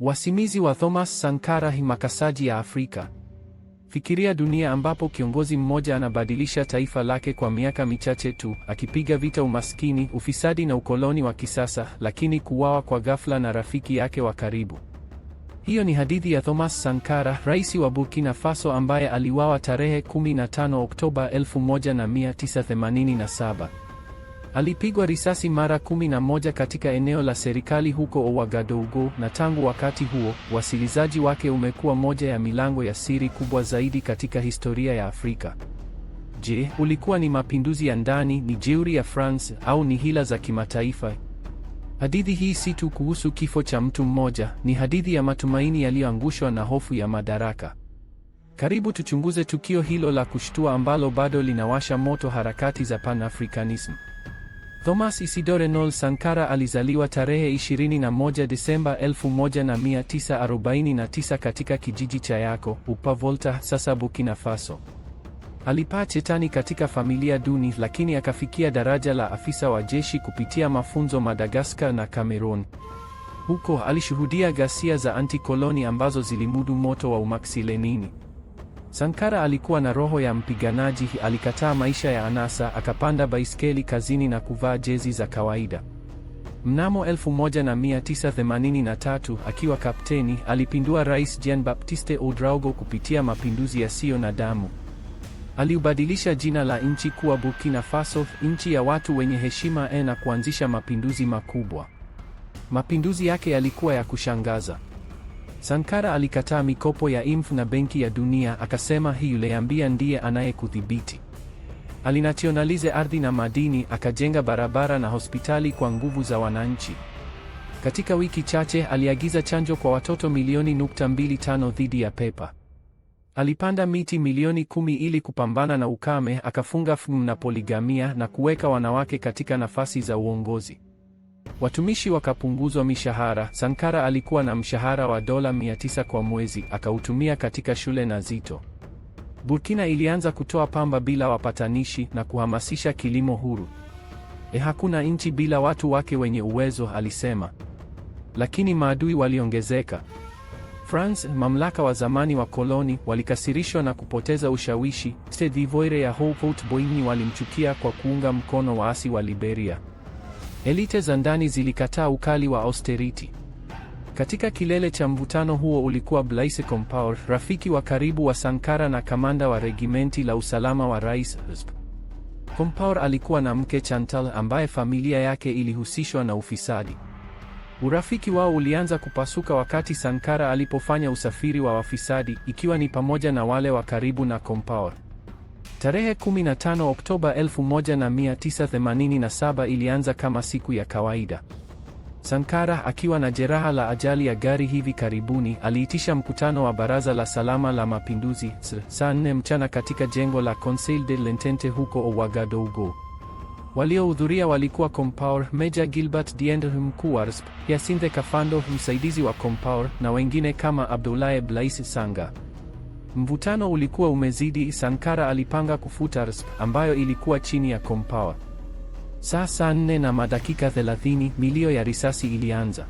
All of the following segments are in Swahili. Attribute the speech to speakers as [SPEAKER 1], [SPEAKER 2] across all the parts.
[SPEAKER 1] Wasimizi wa Thomas Sankara himakasaji ya Afrika. Fikiria dunia ambapo kiongozi mmoja anabadilisha taifa lake kwa miaka michache tu, akipiga vita umaskini, ufisadi na ukoloni wa kisasa, lakini kuwawa kwa ghafla na rafiki yake wa karibu. Hiyo ni hadithi ya Thomas Sankara, rais wa Burkina Faso ambaye aliwawa tarehe 15 Oktoba 1987. Alipigwa risasi mara kumi na moja katika eneo la serikali huko Ouagadougou na tangu wakati huo, uwasilizaji wake umekuwa moja ya milango ya siri kubwa zaidi katika historia ya Afrika. Je, ulikuwa ni mapinduzi ya ndani, ni jeuri ya France au ni hila za kimataifa? Hadithi hii si tu kuhusu kifo cha mtu mmoja, ni hadithi ya matumaini yaliyoangushwa na hofu ya madaraka. Karibu tuchunguze tukio hilo la kushtua ambalo bado linawasha moto harakati za Pan-Africanism. Thomas Isidore Noel Sankara alizaliwa tarehe 21 Disemba 1949 katika kijiji cha Yako, Upavolta, sasa Burkina Faso. Alipaa chetani katika familia duni lakini akafikia daraja la afisa wa jeshi kupitia mafunzo Madagaskar na Cameroon. Huko alishuhudia ghasia za antikoloni ambazo zilimudu moto wa umaksilenini Lenini. Sankara alikuwa na roho ya mpiganaji, alikataa maisha ya anasa, akapanda baiskeli kazini na kuvaa jezi za kawaida. Mnamo 1983 akiwa kapteni, alipindua Rais Jean Baptiste Oudraogo kupitia mapinduzi yasiyo na damu. Aliubadilisha jina la nchi kuwa Burkina Faso, nchi ya watu wenye heshima, na kuanzisha mapinduzi makubwa. Mapinduzi yake yalikuwa ya kushangaza. Sankara alikataa mikopo ya IMF na Benki ya Dunia, akasema hii yuleambia ndiye anayekudhibiti. Alinationalize ardhi na madini, akajenga barabara na hospitali kwa nguvu za wananchi. Katika wiki chache aliagiza chanjo kwa watoto milioni nukta mbili tano dhidi ya pepa. Alipanda miti milioni kumi ili kupambana na ukame, akafunga FGM na poligamia na kuweka wanawake katika nafasi za uongozi. Watumishi wakapunguzwa mishahara. Sankara alikuwa na mshahara wa dola 900 kwa mwezi, akautumia katika shule na Zito. Burkina ilianza kutoa pamba bila wapatanishi na kuhamasisha kilimo huru. E, hakuna nchi bila watu wake wenye uwezo, alisema. Lakini maadui waliongezeka. France, mamlaka wa zamani wa koloni, walikasirishwa na kupoteza ushawishi. Cote d'Ivoire ya houphouet boini walimchukia kwa kuunga mkono waasi wa Liberia. Elite za ndani zilikataa ukali wa austerity. Katika kilele cha mvutano huo ulikuwa Blaise Compaore, rafiki wa karibu wa Sankara na kamanda wa regimenti la usalama wa rais. Compaore alikuwa na mke Chantal ambaye familia yake ilihusishwa na ufisadi. Urafiki wao ulianza kupasuka wakati Sankara alipofanya usafiri wa wafisadi, ikiwa ni pamoja na wale wa karibu na Compaore. Tarehe 15 Oktoba 1987 ilianza kama siku ya kawaida. Sankara akiwa na jeraha la ajali ya gari hivi karibuni, aliitisha mkutano wa Baraza la Salama la Mapinduzi saa 4 mchana katika jengo la Conseil de l'Entente huko Ouagadougou. Waliohudhuria walikuwa Compaor, Meja Gilbert Diendere, mkuu wa RSP, Hyacinthe Kafando, msaidizi wa Compaor, na wengine kama Abdoulaye Blaise Sanga. Mvutano ulikuwa umezidi. Sankara alipanga kufuta RSP ambayo ilikuwa chini ya Kompawa. Saa saa nne na madakika 30, milio ya risasi ilianza.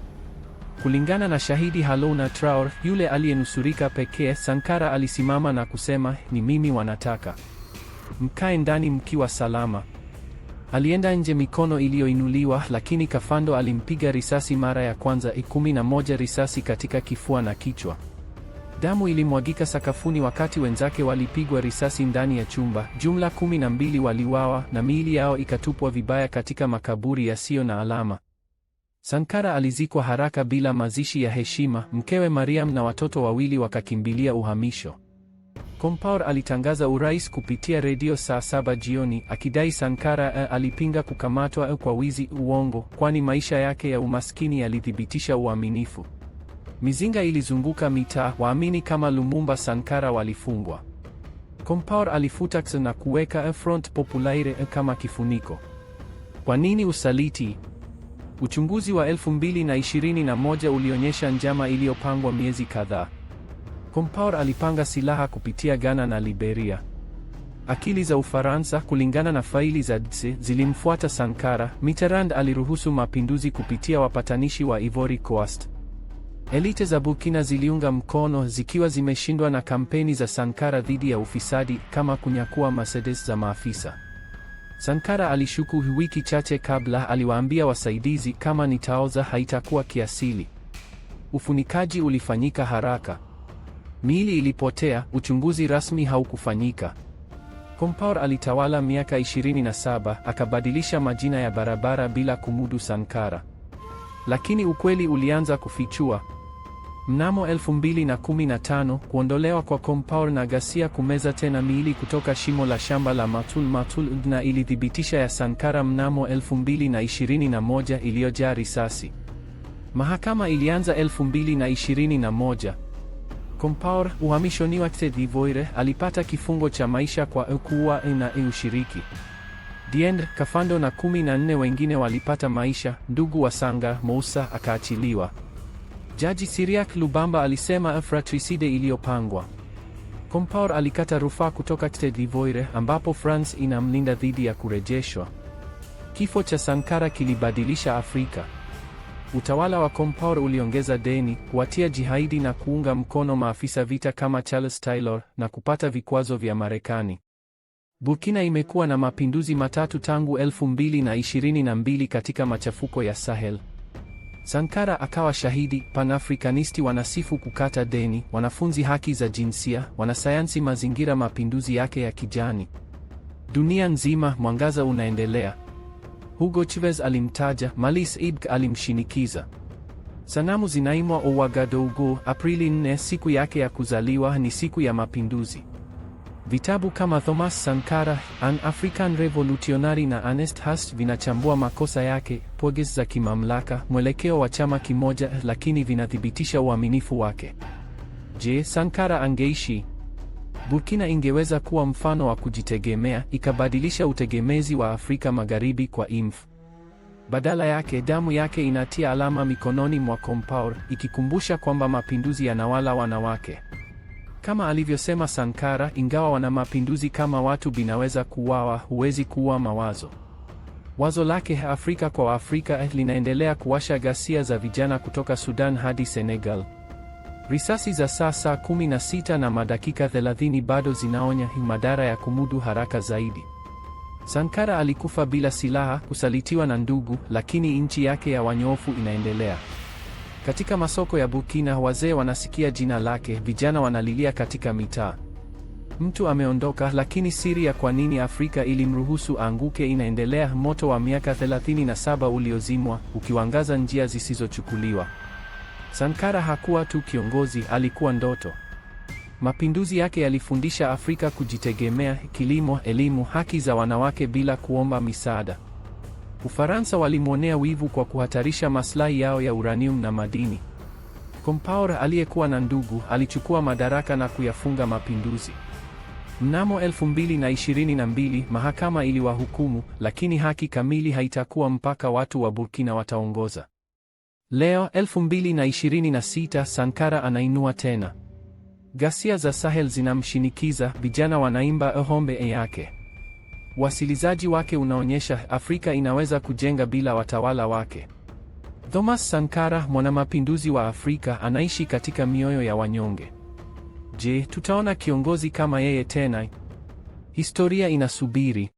[SPEAKER 1] Kulingana na shahidi Halona Traor, yule aliyenusurika pekee, Sankara alisimama na kusema, ni mimi wanataka, mkae ndani mkiwa salama. Alienda nje mikono iliyoinuliwa, lakini Kafando alimpiga risasi mara ya kwanza, 11 risasi katika kifua na kichwa. Damu ilimwagika sakafuni wakati wenzake walipigwa risasi ndani ya chumba. Jumla kumi na mbili waliwawa na miili yao ikatupwa vibaya katika makaburi yasiyo na alama. Sankara alizikwa haraka bila mazishi ya heshima. Mkewe Mariam na watoto wawili wakakimbilia uhamisho. Kompaur alitangaza urais kupitia redio saa saba jioni akidai Sankara eh, alipinga kukamatwa eh, kwa wizi. Uongo, kwani maisha yake ya umaskini yalithibitisha uaminifu. Mizinga ilizunguka mitaa, waamini kama Lumumba Sankara walifungwa. Compaore alifuta X na kuweka Front Populaire kama kifuniko. Kwa nini usaliti? Uchunguzi wa 2021 ulionyesha njama iliyopangwa miezi kadhaa. Compaore alipanga silaha kupitia Ghana na Liberia. Akili za Ufaransa, kulingana na faili za DSE, zilimfuata Sankara. Mitterrand aliruhusu mapinduzi kupitia wapatanishi wa Ivory Coast. Elite za Burkina ziliunga mkono zikiwa zimeshindwa na kampeni za Sankara dhidi ya ufisadi kama kunyakua Mercedes za maafisa. Sankara alishuku wiki chache kabla, aliwaambia wasaidizi, kama nitaoza haitakuwa kiasili. Ufunikaji ulifanyika haraka, miili ilipotea, uchunguzi rasmi haukufanyika. Compaore alitawala miaka 27 akabadilisha majina ya barabara bila kumudu Sankara, lakini ukweli ulianza kufichua Mnamo 2015 kuondolewa kwa Kompaur na gasia kumeza tena miili kutoka shimo la shamba la Matul Matul na ilithibitisha ya Sankara mnamo 2021 iliyojaa risasi. Mahakama ilianza 2021. Kompaur uhamishoniwa Ted Divoire alipata kifungo cha maisha kwa kuua na ushiriki. Diendr Kafando na 14 wengine walipata maisha. Ndugu wa Sanga Moussa akaachiliwa. Jaji Siriak Lubamba alisema fratricide iliyopangwa. Compaor alikata rufaa kutoka Cote d'Ivoire ambapo France inamlinda dhidi ya kurejeshwa. Kifo cha Sankara kilibadilisha Afrika. Utawala wa Compaor uliongeza deni, kuwatia jihaidi na kuunga mkono maafisa vita kama Charles Taylor na kupata vikwazo vya Marekani. Burkina imekuwa na mapinduzi matatu tangu 2022 katika machafuko ya Sahel. Sankara akawa shahidi. Panafrikanisti wanasifu kukata deni, wanafunzi haki za jinsia, wanasayansi mazingira, mapinduzi yake ya kijani. Dunia nzima mwangaza unaendelea. Hugo Chavez alimtaja, Malis ibk alimshinikiza. Sanamu zinaimwa Ouagadougou, Aprili 4, siku yake ya kuzaliwa ni siku ya mapinduzi. Vitabu kama Thomas Sankara, An African Revolutionary na Ernest Hust vinachambua makosa yake, poges za kimamlaka, mwelekeo wa chama kimoja, lakini vinathibitisha uaminifu wake. Je, Sankara angeishi? Burkina ingeweza kuwa mfano wa kujitegemea, ikabadilisha utegemezi wa Afrika Magharibi kwa IMF. Badala yake, damu yake inatia alama mikononi mwa Compaore, ikikumbusha kwamba mapinduzi yanawala wanawake. Kama alivyosema Sankara, ingawa wana mapinduzi kama watu binaweza kuuawa, huwezi kuua mawazo. Wazo lake Afrika kwa afrika eh, linaendelea kuwasha ghasia za vijana kutoka Sudan hadi Senegal. Risasi za saa saa 16 na madakika 30 bado zinaonya madhara ya kumudu haraka zaidi. Sankara alikufa bila silaha, kusalitiwa na ndugu, lakini nchi yake ya wanyofu inaendelea. Katika masoko ya Burkina, wazee wanasikia jina lake, vijana wanalilia katika mitaa. Mtu ameondoka, lakini siri ya kwa nini Afrika ilimruhusu aanguke inaendelea, moto wa miaka 37 uliozimwa ukiwangaza njia zisizochukuliwa. Sankara hakuwa tu kiongozi, alikuwa ndoto. Mapinduzi yake yalifundisha Afrika kujitegemea, kilimo, elimu, haki za wanawake bila kuomba misaada. Ufaransa walimwonea wivu kwa kuhatarisha maslahi yao ya uranium na madini. Compaore aliyekuwa na ndugu alichukua madaraka na kuyafunga mapinduzi. Mnamo 2022 mahakama iliwahukumu, lakini haki kamili haitakuwa mpaka watu wa Burkina wataongoza. Leo 2026, Sankara anainua tena. Ghasia za Sahel zinamshinikiza, vijana wanaimba ehombe yake uwasilizaji wake unaonyesha Afrika inaweza kujenga bila watawala wake. Thomas Sankara, mwanamapinduzi wa Afrika, anaishi katika mioyo ya wanyonge. Je, tutaona kiongozi kama yeye tena? Historia inasubiri.